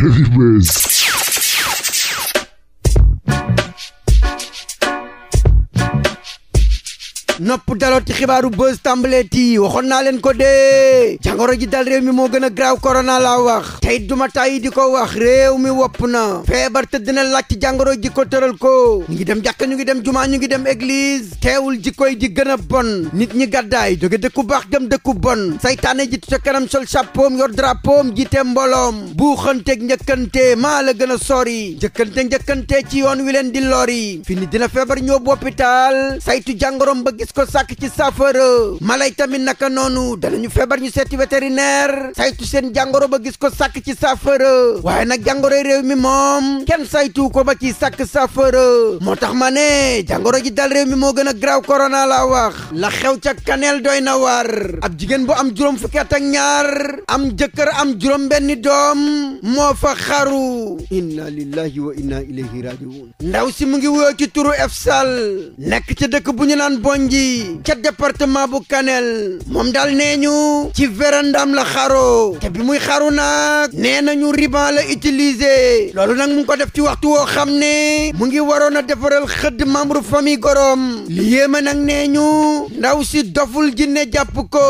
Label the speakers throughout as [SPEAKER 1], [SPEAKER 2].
[SPEAKER 1] Heavy Bass. nopp daloo ci xibaaru buzz tàmbaleeti waxoon naa leen ko dee jangoro ji dal réew mi moo gën a graaw corona laa wax tey duma tàyyi di ko wax réew mi wopp na feebar te dina laaj jàngoro jangoro ji ko tëral ko ñu ngi dem jàkka ñu ngi dem jumaa ñu ngi dem église teewul ji koy di gën a bon nit ñi gàddaay jóge dëkku baax dem dëkku bon saytaane ji ca kanam sol chapeau yor drapeau jiite mbooloom buuxanteeg njëkkante maa la gën a sori njëkkante njëkkante ci yoon wi leen di lori fini dina feebar ñoo bu hôpital saytu jangoroom ba des ko sàkk ci saafara mala yi tamit naka noonu danañu feebar ñu seeti vétérinaire saytu seen jàngoro ba gis ko sàkk ci saafara waaye nag jàngoroy réew mi moom kenn saytu ko ba ci sàkk saafara moo tax ma ne jàngoro ji dal réew mi moo gën a graaw corona la wax la xew ca kaneel doy na war ab jigéen bu am juróom fukki at ak ñaar am jëkkër am juróom benni doom moo fa xaru inna lillahi wa inna ilayhi rajiun ndaw si mu ngi wuyoo turu efsal nekk ci dëkk bu bi ca département bu Kanel moom daal nee ñu ci vérandam la xaro te bi muy xaru nag nee nañu ruban la utiliser loolu nag mu ngi ko def ci waxtu woo xam ne mu ngi waroon a defaral xëdd membre famille gorom li yéema nag nee ñu ndaw si doful jinne jàpp ko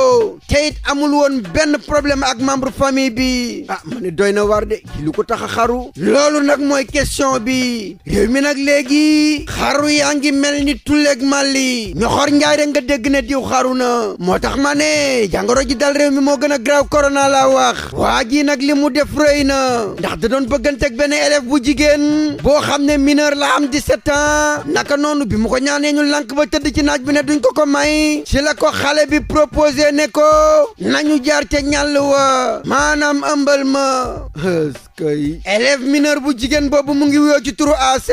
[SPEAKER 1] te amul woon benn problème ak membre famille bi ah ma doy na war de ci lu ko tax a xaru loolu nag mooy question bi réew mi nag léegi xaru yaa ngi mel ni tulleeg màlli ñoxor njaay rek nga dégg ne diw xaru na moo tax ma ne jàngoro ji dal réew mi moo gën a graaw korona laa wax waa nag li mu def rëy na ndax da doon bëgganteeg benn élève bu jigéen boo xam ne mineur la am 17 ans naka noonu bi mu ko ñaanee ñu lànk ba tëdd ci naaj bi ne duñ ko ko may ci la ko xale bi propose ne ko nañu jaar ca ñàll wa maanaam ëmbal ma kay élève bu jigéen boobu mu ngi wuyoo ci turu AC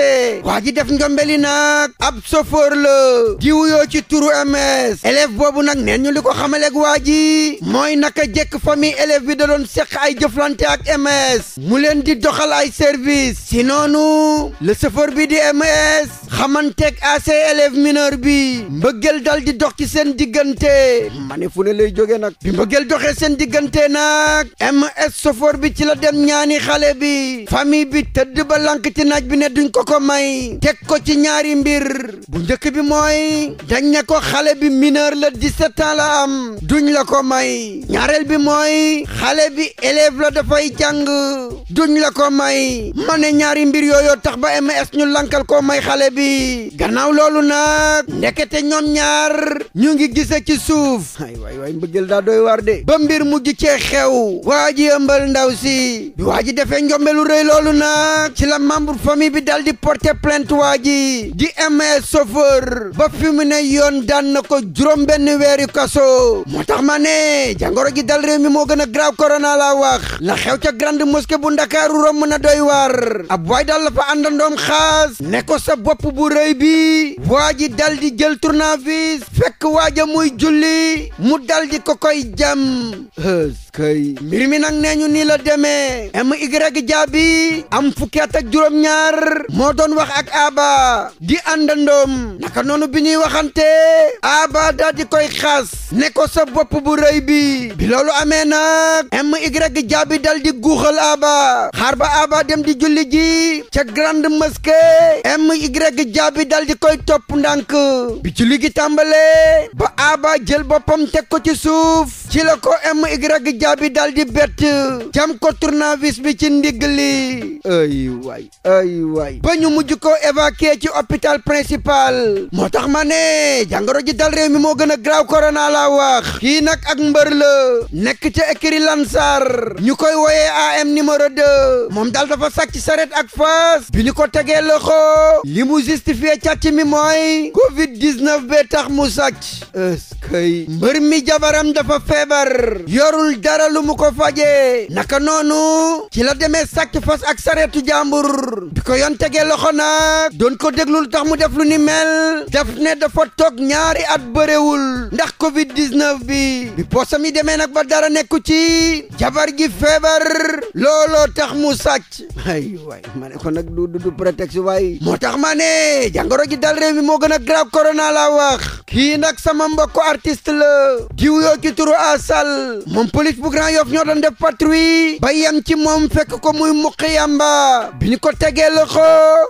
[SPEAKER 1] waa ji def njombeli nag ab sofoor la di wuyoo ci turu MS élève boobu nag neen ñu li ko xamaleeg waa ji mooy naka jekk famille élève bi da seq ay jëflante ak MS mu leen di doxal ay service si noonu le sofoor bi di MS xamanteeg ac élève mineur bi mbëggeel dal di dox ci seen diggante ma ne fu ne lay jógee nag bi mbëggeel doxee seen diggante nag ms sofoor bi ci la dem ñaani xale bi famille bi tëdd ba lank ci naaj bi ne duñ ko ko may teg ko ci ñaari mbir bu njëkk bi mooy dañ ko xale bi mineur la 17 ans la am duñ la ko may ñaareel bi mooy xale bi élève la dafay jàng duñ la ko may ma ñaari mbir yooyu tax ba ms ñu lankal ko may xale bi bi gannaaw loolu nag ndekete ñoom ñaar ñu ngi gise ci suuf ay waay waay mbëggeel daa doy waar de ba mbir mujj cee xew waa ndaw si bi waa defee njombelu rëy loolu nag ci la membre famille bi dal di porter plainte waa ji di ms chauffeur ba fi yoon daan ko juróom benn weeri kaso moo tax ma ne jàngoro gi dal réew mi moo gën a grave corona laa wax la xew ca grande bu ndakaaru romb na doy waar ab waay dal la fa àndandoom xaas ne ko sa bopp bu rëy bi waa ji dal di jël tournevis fekk waaja muy julli mu dal ko koy jam kay mbir mi nag nee ñu nii la demee my jaabi am fukki at ak juróom-ñaar moo doon wax ak aaba di àndandoom naka noonu bi ñuy waxante aaba daal di koy xas ne ko sa bopp bu rëy bi bi loolu amee nag my jaabi dal di guuxal aaba xaar ba aaba dem di julli ji ca grande mosquée my jaabi dal di koy topp ndànk bi julli gi tàmbalee ba aaba jël boppam teg ko ci suuf ci la ko my soldat bi daal di bett jam ko tournevis bi ci ndigg li ay waay ay waay ba ñu mujj ko évacuer ci hôpital principal moo tax mane ne jàngoro ji dal réew mi moo gën a graaw corona la wax kii nag ak mbër la nekk ci écurie Lansar ñu koy wooyee am numéro 2 moom dal dafa sàcc saret ak fas bi ñu ko tegee loxo li mu justifié càcc mi mooy covid 19 bee tax mu sàcc est mbër mi jabaram dafa feebar yorul dara dara lu mu ko fajee naka noonu ci la demee sàcc fas ak sareetu jàmbur bi ko yoon tegee loxo nag doon ko déglul tax mu def lu ni mel def ne dafa toog ñaari at bërewul ndax covid 19 bi bi poosam yi demee nag ba dara nekku ci jabar gi feebar looloo tax mu sàcc ay waay ma ko nag du du prétexte waay moo tax ma ne jàngoro ji dal réew mi moo gën a grave corona laa wax kii nag sama mbokku artiste la diw yoo ci turu asal moom police bu Grand Yoff ñoo doon def patrouille ba yam ci moom fekk ko muy mukki yamba bi ñu ko tegee loxo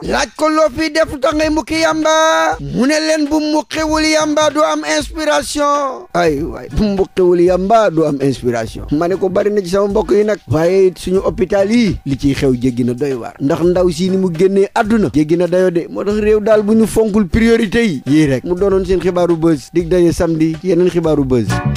[SPEAKER 1] laaj ko loo fi def tax ngay mukki yamba mu ne leen bu mukkiwul yamba du am inspiration ay waay bu mukkiwul yamba du am inspiration ma ne ko bari na ci sama mbokk yi nag waaye suñu hôpital yi li ciy xew jéggi na doy waar ndax ndaw si ni mu génnee àdduna jéggi na dayo de moo tax réew daal bu ñu fonkul priorité yi yii rek mu doonoon seen xibaaru buzz dig daje samedi yeneen xibaaru buzz